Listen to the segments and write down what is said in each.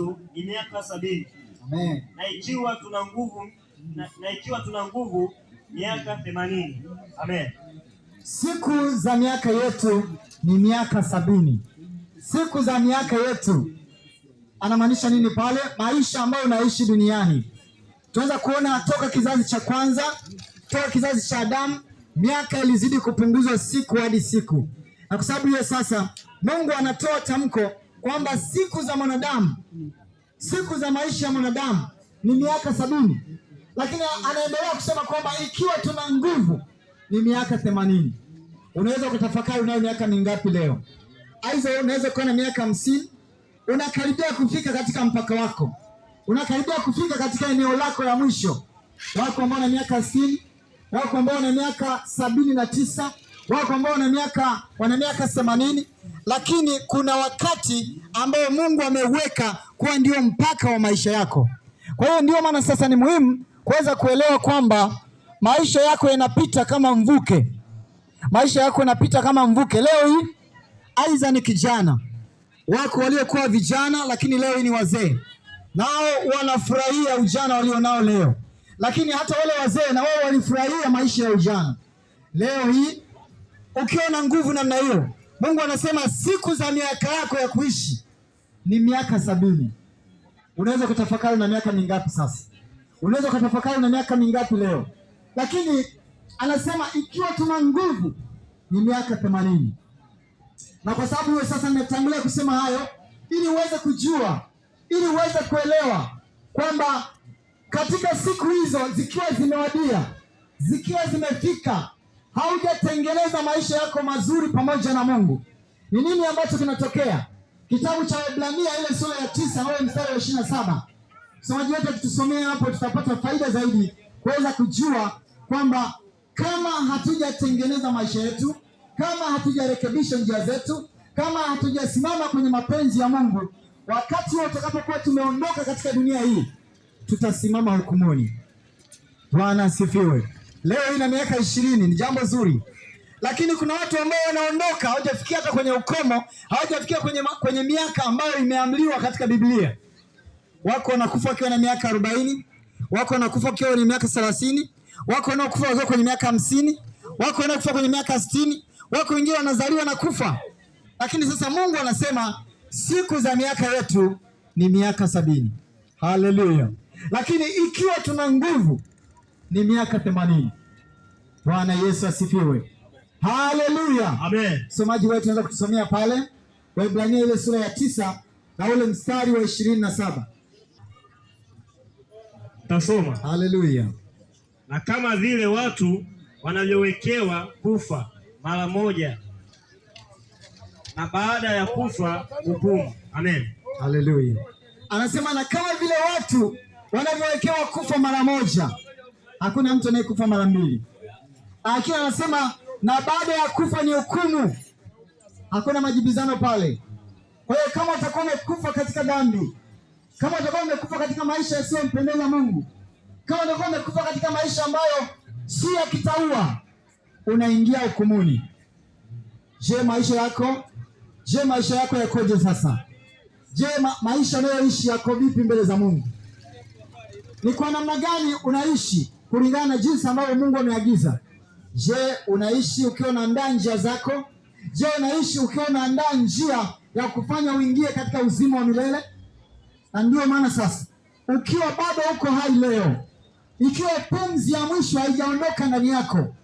yetu ni miaka sabini Na ikiwa tuna nguvu na, na ikiwa tuna nguvu miaka themanini Amen. Siku za miaka yetu ni miaka sabini Siku za miaka yetu anamaanisha nini pale? Maisha ambayo unaishi duniani, tunaweza kuona toka kizazi cha kwanza, toka kizazi cha Adamu, miaka ilizidi kupunguzwa siku hadi siku, na kwa sababu hiyo sasa Mungu anatoa tamko kwamba siku za mwanadamu, siku za maisha ya mwanadamu ni miaka sabini, lakini anaendelea kusema kwamba ikiwa tuna nguvu ni miaka themanini. Unaweza kutafakari unayo miaka mingapi leo? aiza unaweza kuwa na miaka hamsini. Unakaribia kufika katika mpaka wako, unakaribia kufika katika eneo lako la mwisho. Wako ambao na miaka sitini, wako ambao na miaka sabini na tisa wako ambao wana miaka wana miaka themanini, lakini kuna wakati ambao Mungu ameweka kuwa ndio mpaka wa maisha yako. Kwa hiyo ndio maana sasa ni muhimu kuweza kuelewa kwamba maisha yako yanapita kama mvuke, maisha yako yanapita kama mvuke. Leo hii aidha ni kijana wako waliokuwa vijana, lakini leo hii ni wazee, nao wanafurahia ujana walionao leo, lakini hata wale wazee na wao walifurahia maisha ya ujana. Leo hii ukiwa na nguvu namna hiyo, Mungu anasema siku za miaka yako ya kuishi ni miaka sabini. Unaweza kutafakari na miaka mingapi sasa? Unaweza kutafakari na miaka mingapi leo? Lakini anasema ikiwa tuna nguvu ni miaka themanini. Na kwa sababu hiyo sasa nimetangulia kusema hayo ili uweze kujua, ili uweze kuelewa kwamba katika siku hizo zikiwa zimewadia, zikiwa zimefika haujatengeneza maisha yako mazuri pamoja na Mungu, ni nini ambacho kinatokea? Kitabu cha Waebrania ile sura ya tisa ule mstari wa ishirini saba msomaji wetu akitusomea hapo, tutapata faida zaidi kuweza kujua kwamba kama hatujatengeneza maisha yetu, kama hatujarekebisha njia zetu, kama hatujasimama kwenye mapenzi ya Mungu, wakati huo tutakapokuwa tumeondoka katika dunia hii, tutasimama hukumuni. Bwana asifiwe leo ina miaka ishirini, ni jambo zuri, lakini kuna watu ambao wanaondoka hawajafikia hata kwenye ukomo, hawajafikia kwenye, kwenye miaka ambayo imeamriwa katika Biblia. Wako wanakufa wakiwa na miaka arobaini, wako wanakufa wakiwa na miaka thelathini, wako wanaokufa wakiwa kwenye miaka hamsini, wako wanaokufa kwenye miaka sitini, wako wengine wanazaliwa na kufa. Lakini sasa Mungu anasema siku za miaka yetu ni miaka sabini. Haleluya! Lakini ikiwa tuna nguvu ni miaka themanini. Bwana Yesu asifiwe, haleluya, amen. Msomaji wetu anaweza kutusomea pale Waebrania ile sura ya tisa na ule mstari wa ishirini na saba. Tasoma. Haleluya. Na kama vile watu wanavyowekewa kufa mara moja na baada ya kufa hukumu. Amen. Haleluya. Anasema na kama vile watu wanavyowekewa kufa mara moja Hakuna mtu anayekufa mara mbili, lakini anasema na baada ya kufa ni hukumu. Hakuna majibizano pale. Kwa hiyo kama utakuwa umekufa katika dhambi, kama utakuwa umekufa katika maisha yasiyompendeza Mungu, kama utakuwa umekufa katika maisha ambayo si ya kitaua, unaingia hukumuni. Je, maisha yako? Je, maisha yako yakoje sasa? Je, ma maisha unayoishi yako vipi mbele za Mungu? Ni kwa namna gani unaishi? kulingana na jinsi ambavyo Mungu ameagiza. Je, unaishi ukiwa unaandaa njia zako? Je, unaishi ukiwa unaandaa njia ya kufanya uingie katika uzima wa milele? Na ndiyo maana sasa, ukiwa bado uko hai leo, ikiwa pumzi ya mwisho haijaondoka ndani yako,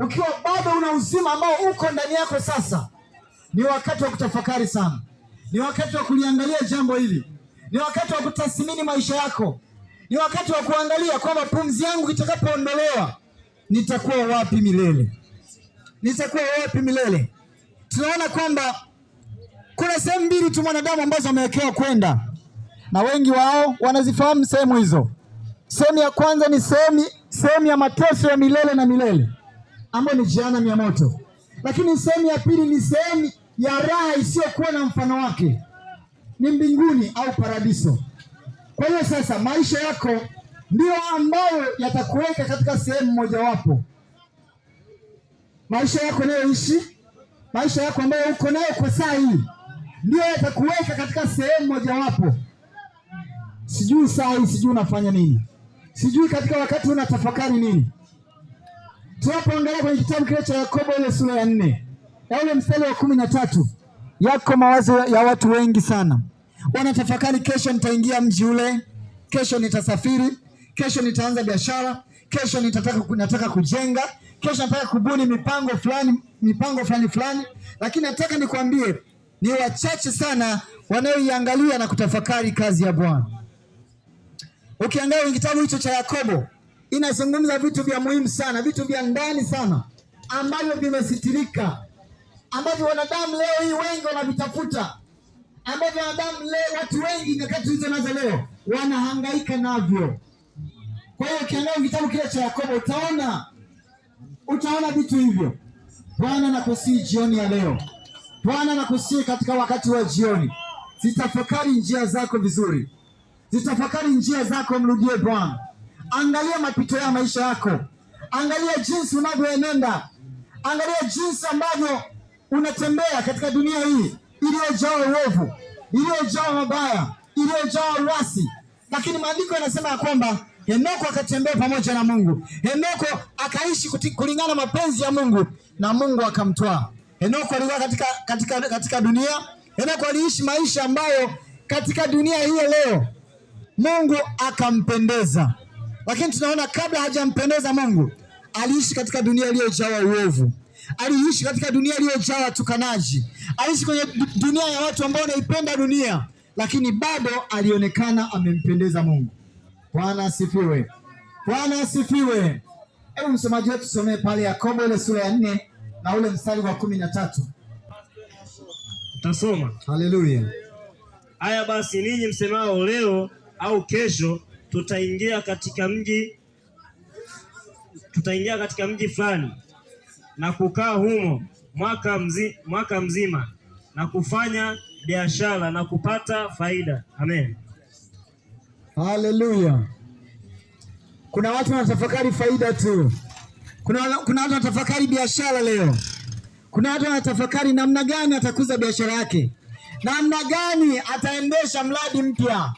ukiwa bado una uzima ambao uko ndani yako sasa, ni wakati wa kutafakari sana, ni wakati wa kuliangalia jambo hili, ni wakati wa kutathmini maisha yako. Ni wakati wa kuangalia kwamba pumzi yangu itakapoondolewa nitakuwa wapi milele, nitakuwa wapi milele. Tunaona kwamba kuna sehemu mbili tu mwanadamu ambazo amewekewa kwenda, na wengi wao wanazifahamu sehemu hizo. Sehemu ya kwanza ni sehemu sehemu ya mateso ya milele na milele ambayo ni jehanamu ya moto, lakini sehemu ya pili ni sehemu ya raha isiyokuwa na mfano wake, ni mbinguni au paradiso. Kwa hiyo sasa maisha yako ndio ambayo yatakuweka katika sehemu mojawapo, maisha yako nayoishi, maisha yako ambayo uko nayo kwa saa hii ndio yatakuweka katika sehemu mojawapo. Sijui saa hii, sijui unafanya nini, sijui katika wakati unatafakari nini. Tunapoangalia kwenye kitabu kile cha Yakobo ile sura ya nne na ule mstari wa kumi na tatu yako mawazo ya watu wengi sana wanatafakari, kesho nitaingia mji ule, kesho nitasafiri, kesho nitaanza biashara, kesho nitataka, nataka kujenga, kesho nataka kubuni mipango fulani, mipango fulani fulani. Lakini nataka nikwambie ni wachache sana wanaoiangalia na kutafakari kazi ya Bwana. Ukiangalia kwenye kitabu hicho cha Yakobo, inazungumza vitu vya muhimu sana, vitu vya ndani sana ambavyo vimesitirika, ambavyo wanadamu leo hii wengi wanavitafuta ambavyo wanadamu leo, watu wengi nyakati tulizo nazo leo wanahangaika navyo. Kwa hiyo ukiangalia kitabu kile cha Yakobo utaona utaona vitu hivyo. Bwana nakusii jioni ya leo, Bwana nakusii katika wakati wa jioni, zitafakari njia zako vizuri, zitafakari njia zako, mrudie Bwana. Angalia mapito ya maisha yako, angalia jinsi unavyoenenda, angalia jinsi ambavyo unatembea katika dunia hii iliyojaa uovu, iliyojaa mabaya, iliyojaa uasi, lakini maandiko yanasema ya kwamba Henoko akatembea pamoja na Mungu. Henoko akaishi kulingana mapenzi ya Mungu na Mungu akamtwaa. Henoko alikuwa katika, katika, katika dunia. Henoko aliishi maisha ambayo katika dunia hiyo leo Mungu akampendeza, lakini tunaona kabla hajampendeza Mungu aliishi katika dunia iliyojawa uovu aliishi katika dunia iliyojaa watukanaji, aliishi kwenye dunia ya watu ambao wanaipenda dunia, lakini bado alionekana amempendeza Mungu. Bwana asifiwe, Bwana asifiwe. Hebu msomaji wetu tusomee pale Yakobo ile sura ya nne na ule mstari wa kumi na tatu. Tasoma. Haleluya. Haya basi, ninyi msemao leo au kesho tutaingia katika mji tutaingia katika mji fulani na kukaa humo mwaka, mzi, mwaka mzima na kufanya biashara na kupata faida. Amen. Haleluya. Kuna watu wanatafakari faida tu. Kuna, kuna watu wanatafakari biashara leo. Kuna watu wanatafakari namna gani atakuza biashara yake, namna gani ataendesha mradi mpya,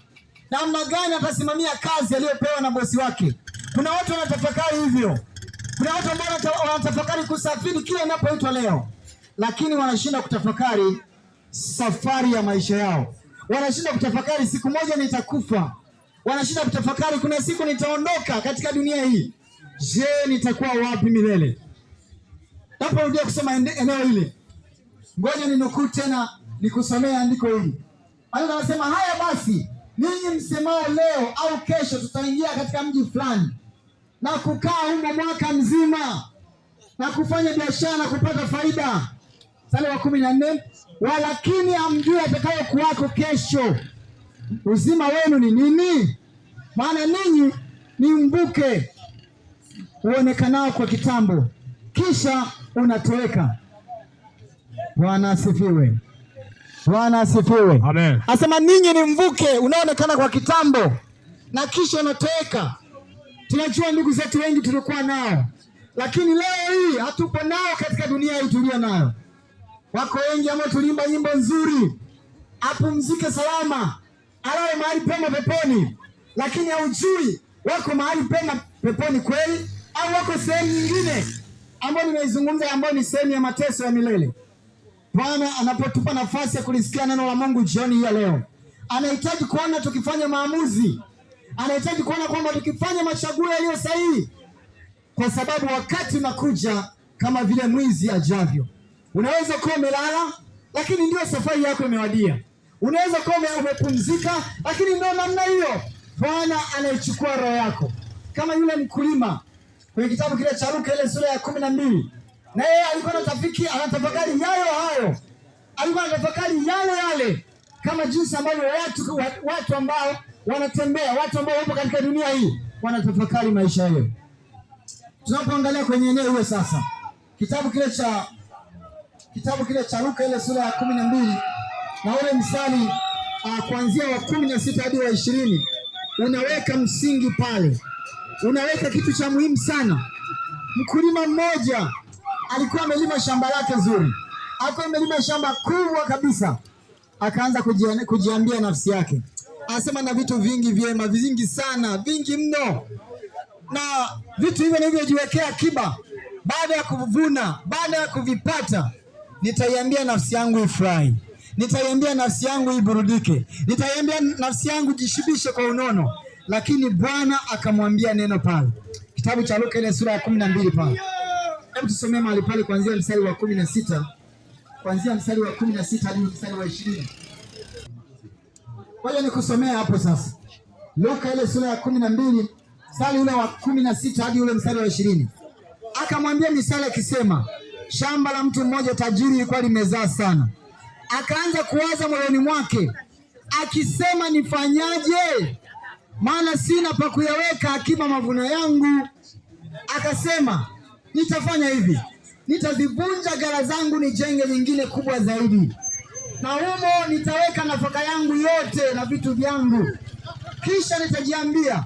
namna gani atasimamia kazi aliyopewa na bosi wake. Kuna watu wanatafakari hivyo. Kuna watu ambao wanatafakari kusafiri kila inapoitwa leo, lakini wanashinda kutafakari safari ya maisha yao, wanashinda kutafakari siku moja nitakufa, wanashinda kutafakari kuna siku nitaondoka katika dunia hii. Je, nitakuwa wapi milele? Naporudia kusema eneo hili, ngoja ninukuu tena, nikusomee andiko hili anasema, haya basi, ninyi msemao leo au kesho tutaingia katika mji fulani na kukaa humo mwaka mzima na kufanya biashara na kupata faida. Mstari wa kumi na nne, walakini hamjui atakayokuwako kesho, uzima wenu ni nini? Maana ninyi ni mbuke uonekanao kwa kitambo, kisha unatoweka. Bwana asifiwe. Bwana asifiwe. Amen. Asema ninyi ni mvuke unaoonekana kwa kitambo na kisha unatoweka. Tunajua ndugu zetu wengi tulikuwa nao, lakini leo hii hatupo nao katika dunia hii tulio nayo. Wako wengi ambao tuliimba nyimbo nzuri, apumzike salama, alawe mahali pema peponi, lakini haujui wako mahali pema peponi kweli au wako sehemu nyingine ambayo nimeizungumza, ambayo ni sehemu ya mateso ya milele. Bwana anapotupa nafasi ya kulisikia neno la Mungu jioni hii ya leo, anahitaji kuona tukifanya maamuzi anahitaji kuona kwamba tukifanya machaguo yaliyo sahihi, kwa sababu wakati unakuja kama vile mwizi ajavyo. Unaweza kuwa umelala, lakini ndio safari yako imewadia. Unaweza kuwa umepumzika, lakini ndio namna hiyo Bwana anaichukua roho yako, kama yule mkulima kwenye kitabu kile cha Luka ile sura ya kumi na mbili na yeye alikuwa anatafiki anatafakari yayo hayo, alikuwa anatafakari yale yale, kama jinsi ambavyo watu, watu ambao wanatembea watu ambao wapo katika dunia hii wanatafakari maisha yao. Tunapoangalia kwenye eneo hiyo sasa, kitabu kile cha kitabu kile cha Luka ile sura ya kumi na mbili na ule mstari uh, kuanzia wa kumi na sita hadi wa ishirini unaweka msingi pale, unaweka kitu cha muhimu sana. Mkulima mmoja alikuwa amelima shamba lake zuri, alikuwa amelima shamba kubwa kabisa, akaanza kujiambia nafsi yake anasema na vitu vingi vyema, vingi sana, vingi mno, na vitu hivyo nilivyojiwekea akiba, baada ya kuvuna, baada ya kuvipata, nitaiambia nafsi yangu ifurahi, nitaiambia nafsi yangu iburudike, nitaiambia nafsi yangu jishibishe kwa unono. Lakini Bwana akamwambia neno pale, kitabu cha Luka ile sura ya kumi na mbili pale. Hebu tusomee mahali pale kuanzia mstari wa kumi na sita kuanzia mstari wa kumi na sita hadi mstari wa ishirini. Kwa hiyo nikusomea hapo sasa, Luka ile sura ya kumi na mbili mstari ule wa kumi na sita hadi ule mstari wa ishirini akamwambia misali akisema, shamba la mtu mmoja tajiri lilikuwa limezaa sana, akaanza kuwaza moyoni mwake akisema, nifanyaje? Maana sina pa kuyaweka akiba mavuno yangu. Akasema, nitafanya hivi, nitazivunja ghala zangu, nijenge nyingine kubwa zaidi na humo nitaweka nafaka yangu yote na vitu vyangu. Kisha nitajiambia,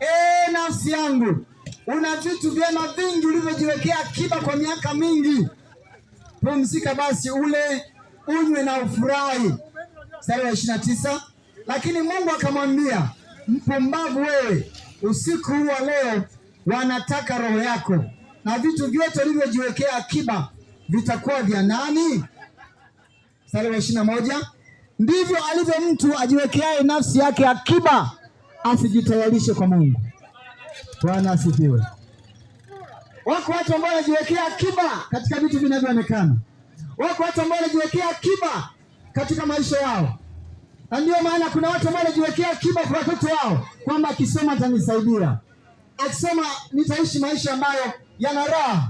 e, nafsi yangu, una vitu vyema vingi ulivyojiwekea akiba kwa miaka mingi, pumzika basi, ule unywe na ufurahi. Mstari wa ishirini na tisa. Lakini Mungu akamwambia, mpumbavu wewe, usiku huu wa leo wanataka roho yako, na vitu vyote ulivyojiwekea akiba vitakuwa vya nani? mstari wa ishirini na moja ndivyo alivyo mtu ajiwekeaye nafsi yake akiba, asijitayarishe kwa Mungu. Bwana asifiwe. Wako watu ambao wanajiwekea akiba katika vitu vinavyoonekana. Wako watu ambao wanajiwekea akiba katika maisha yao, na ndiyo maana kuna watu ambao wanajiwekea akiba kwa watoto wao kwamba akisoma atanisaidia, akisoma nitaishi maisha ambayo yana raha,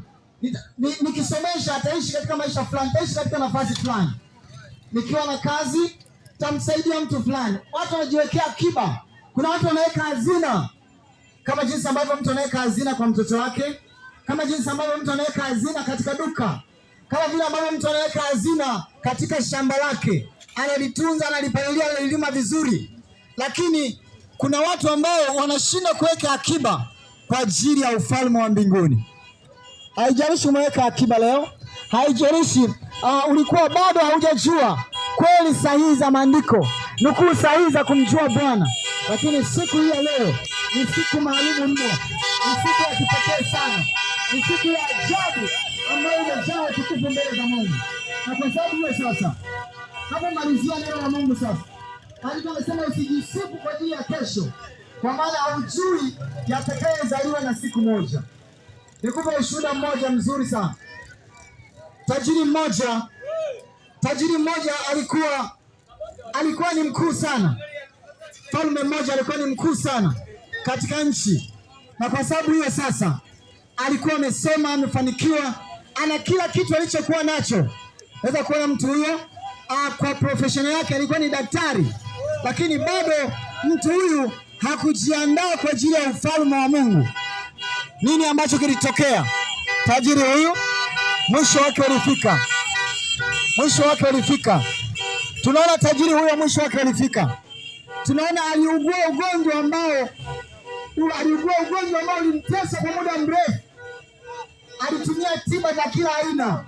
nikisomesha ataishi katika maisha fulani, ataishi katika nafasi fulani nikiwa na kazi tamsaidia mtu fulani. Watu wanajiwekea akiba, kuna watu wanaweka hazina, kama jinsi ambavyo mtu anaweka hazina kwa mtoto wake, kama jinsi ambavyo mtu anaweka hazina katika duka, kama vile ambavyo mtu anaweka hazina katika shamba lake, analitunza, analipalilia, analilima vizuri. Lakini kuna watu ambao wanashindwa kuweka akiba kwa ajili ya ufalme wa mbinguni. Haijalishi umeweka akiba leo haijalishi uh, ulikuwa bado haujajua kweli sahihi za maandiko, nukuu sahihi za kumjua Bwana, lakini siku hii ya leo ni siku maalumu mno, ni siku ya kipekee sana, ni siku ya ajabu ambayo imejaa utukufu mbele za Mungu. Na kwa sababu hiyo sasa malizia neno la Mungu sasa, maandiko amesema usijisifu kwa ajili ya kesho, kwa maana haujui yatakayozaliwa na siku moja. Nikupe ushuhuda mmoja mzuri sana. Tajiri mmoja, tajiri mmoja alikuwa alikuwa ni mkuu sana. falme mmoja alikuwa ni mkuu sana katika nchi, na kwa sababu hiyo sasa alikuwa amesoma, amefanikiwa, ana kila kitu alichokuwa nacho. Naweza kuona mtu huyo ah, kwa profesheni yake alikuwa ni daktari, lakini bado mtu huyu hakujiandaa kwa ajili ya ufalme wa Mungu. Nini ambacho kilitokea tajiri huyu? mwisho wake ulifika, mwisho wake ulifika. Tunaona tajiri huyo mwisho wake ulifika. Tunaona aliugua ugonjwa ambao aliugua ugonjwa ambao ulimtesa kwa muda mrefu. Alitumia tiba za kila aina,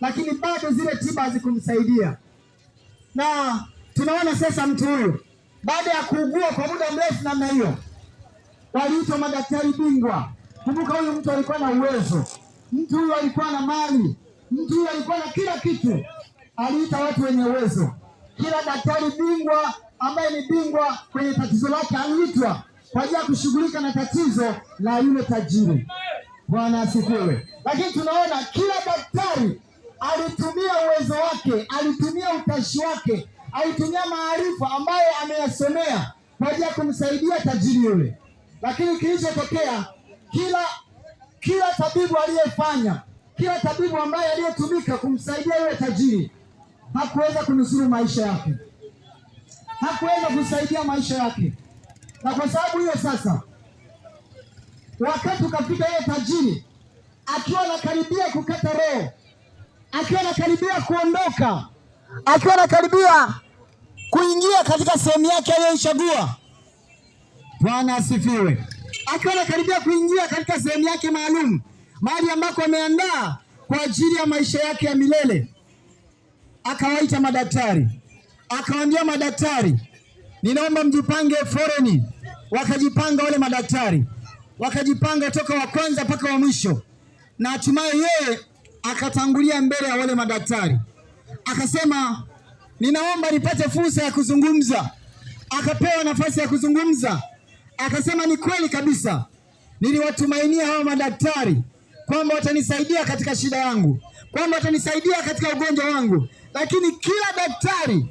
lakini bado zile tiba hazikumsaidia. Na tunaona sasa mtu huyu baada ya kuugua kwa muda mrefu namna hiyo, waliitwa madaktari bingwa. Kumbuka huyu mtu alikuwa na uwezo Mtu huyo alikuwa na mali, mtu huyo alikuwa na kila kitu. Aliita watu wenye uwezo, kila daktari bingwa ambaye ni bingwa kwenye tatizo lake aliitwa kwa ajili ya kushughulika na tatizo la yule tajiri. Bwana asifiwe. Lakini tunaona kila daktari alitumia uwezo wake, alitumia utashi wake, alitumia maarifa ambayo ameyasomea kwa ajili ya kumsaidia tajiri yule, lakini kilichotokea kila kila tabibu aliyefanya, kila tabibu ambaye aliyetumika kumsaidia yule tajiri hakuweza kunusuru maisha yake, hakuweza kusaidia maisha yake. Na kwa sababu hiyo sasa, wakati ukafika, yule tajiri akiwa anakaribia kukata roho, akiwa anakaribia kuondoka, akiwa anakaribia kuingia katika sehemu yake aliyoichagua. Bwana asifiwe akiwa anakaribia kuingia katika sehemu yake maalum, mahali ambako ameandaa kwa ajili ya maisha yake ya milele. Akawaita madaktari, akawaambia madaktari, ninaomba mjipange foreni. Wakajipanga wale madaktari, wakajipanga toka wa kwanza mpaka wa mwisho, na hatimaye yeye akatangulia mbele ya wale madaktari, akasema ninaomba nipate fursa ya kuzungumza. Akapewa nafasi ya kuzungumza akasema ni kweli kabisa, niliwatumainia hawa madaktari kwamba watanisaidia katika shida yangu, kwamba watanisaidia katika ugonjwa wangu, lakini kila daktari,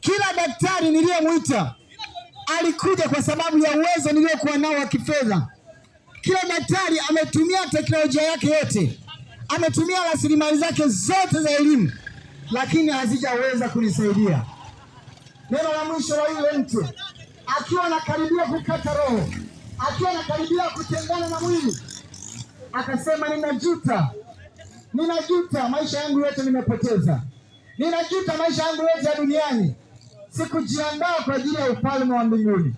kila daktari niliyemwita alikuja kwa sababu ya uwezo niliyokuwa nao wa kifedha. Kila daktari ametumia teknolojia yake yote, ametumia rasilimali zake zote za elimu, lakini hazijaweza kunisaidia. Neno la mwisho la yule mtu akiwa anakaribia kukata roho, akiwa anakaribia kutengana na mwili, akasema ninajuta, ninajuta maisha yangu yote nimepoteza, ninajuta maisha yangu yote ya duniani, sikujiandaa kwa ajili ya ufalme wa mbinguni.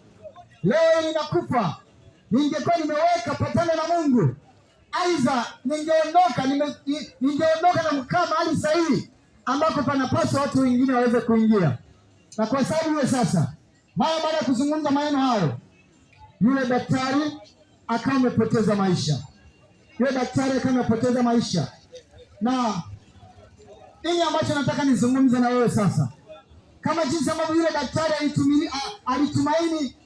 Leo ninakufa. Ningekuwa nimeweka patano na Mungu, aidha ningeondoka, ningeondoka na mkaa mahali sahihi ambako panapaswa watu wengine waweze kuingia, na kwa sababu hiyo sasa mara baada ya kuzungumza maneno hayo, yule daktari akawa amepoteza maisha, yule daktari akawa amepoteza maisha. Na nini ambacho nataka nizungumze na wewe sasa, kama jinsi ambavyo yule daktari alitumaini, alitumaini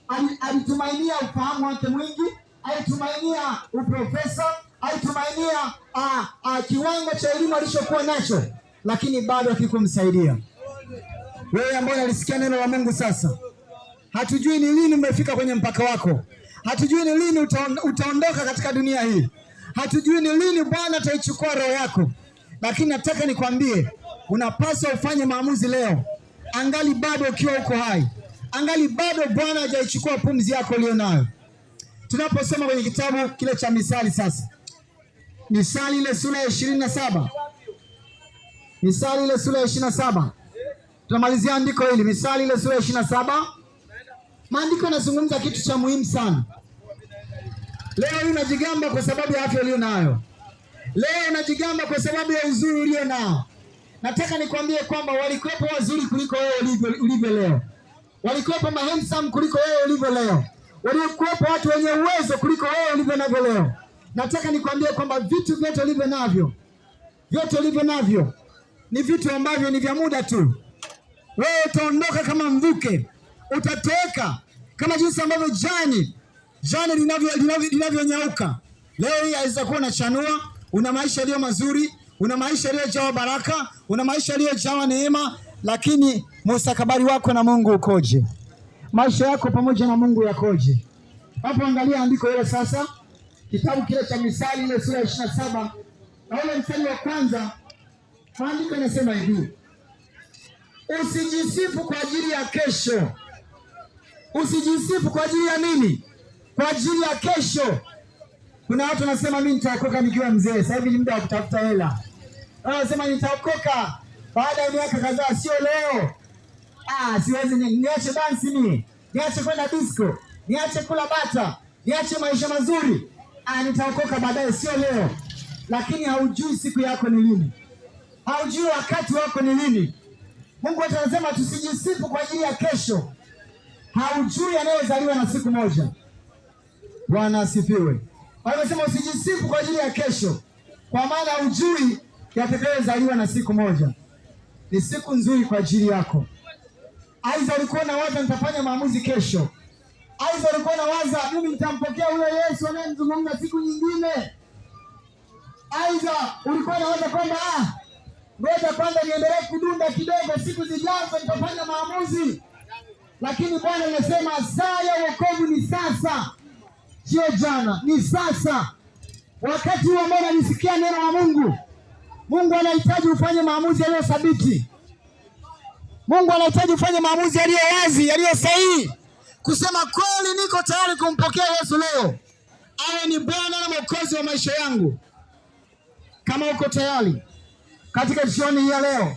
alitumainia ufahamu wake mwingi, alitumainia uprofesa, alitumainia a, a, kiwango cha elimu alichokuwa nacho, lakini bado hakikumsaidia. Wewe ambaye alisikia neno la Mungu sasa Hatujui ni lini umefika kwenye mpaka wako, hatujui ni lini utaondoka katika dunia hii, hatujui ni lini Bwana ataichukua roho yako, lakini nataka nikwambie, unapaswa ufanye maamuzi leo, angali bado ukiwa uko hai, angali bado Bwana hajaichukua pumzi yako nayo Tunaposoma kwenye kitabu kile cha Misali sasa, Misali ile sura ya ishirini na saba Misali ile sura ya ishirini na saba tunamalizia andiko hili, Misali ile sura ya ishirini na saba Maandiko yanazungumza kitu cha muhimu sana. Leo unajigamba kwa sababu ya afya ulio nayo, leo unajigamba kwa sababu ya uzuri ulio nao. Nataka nikwambie kwamba walikuwepo wazuri kuliko wewe ulivyo leo, walikuwepo mahensam kuliko wewe ulivyo leo, walikuwepo watu wenye uwezo kuliko wewe ulivyo navyo leo. Nataka nikwambie kwamba vitu vyote ulivyo navyo, vyote ulivyo navyo ni vitu ambavyo ni vya muda tu. Wewe utaondoka kama mvuke utatoweka kama jinsi ambavyo jani jani linavyonyauka. Leo hii aweza kuwa unachanua, una maisha yaliyo mazuri, una maisha yaliyojawa baraka, una maisha yaliyojawa neema, lakini mustakabali wako na Mungu ukoje? Maisha yako pamoja na Mungu yakoje? Hapo angalia andiko hilo sasa, kitabu kile cha Misali ile sura ya ishirini na saba na ule mstari wa kwanza, maandiko yanasema hivi: usijisifu kwa ajili ya kesho Usijisifu kwa ajili ya nini? Kwa ajili ya kesho. Kuna watu wanasema mimi nitaokoka nikiwa mzee. Sasa hivi ni muda wa kutafuta hela. Wanasema nitaokoka baada ya miaka kadhaa, sio leo. Ah, siwezi ni, niache dansi mimi. Niache kwenda disco. Niache kula bata. Niache maisha mazuri. Ah, nitaokoka baadaye, sio leo. Lakini haujui siku yako ni lini. Haujui wakati wako ni lini. Mungu atasema tusijisifu kwa ajili ya kesho haujui anayezaliwa na siku moja. Bwana asifiwe. Kwa usijisifu kwa ajili ya kesho, kwa maana haujui yatakayozaliwa na siku moja. Ni siku nzuri kwa ajili yako. Aidha alikuwa na waza nitafanya maamuzi kesho, aidha alikuwa na waza mimi nitampokea huyo Yesu anayemzungumza siku nyingine, aidha ulikuwa na waza kwamba ah, ngoja kwanza niendelee kudunda kidogo, siku zijazo nitafanya maamuzi lakini Bwana anasema saa ya wokovu ni sasa, sio jana, ni sasa. Wakati huo ambao unalisikia neno la Mungu, Mungu anahitaji ufanye maamuzi yaliyo thabiti. Mungu anahitaji ufanye maamuzi yaliyo wazi, yaliyo sahihi, kusema kweli, niko tayari kumpokea Yesu leo awe ni Bwana na Mwokozi wa maisha yangu. Kama uko tayari katika jioni hii ya leo,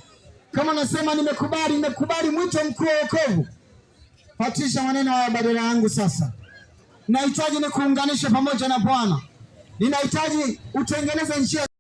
kama nasema nimekubali, nimekubali mwito mkuu wa wokovu Patisha maneno haya badala yangu sasa. Nahitaji nikuunganishe pamoja na Bwana. Ninahitaji utengeneze njia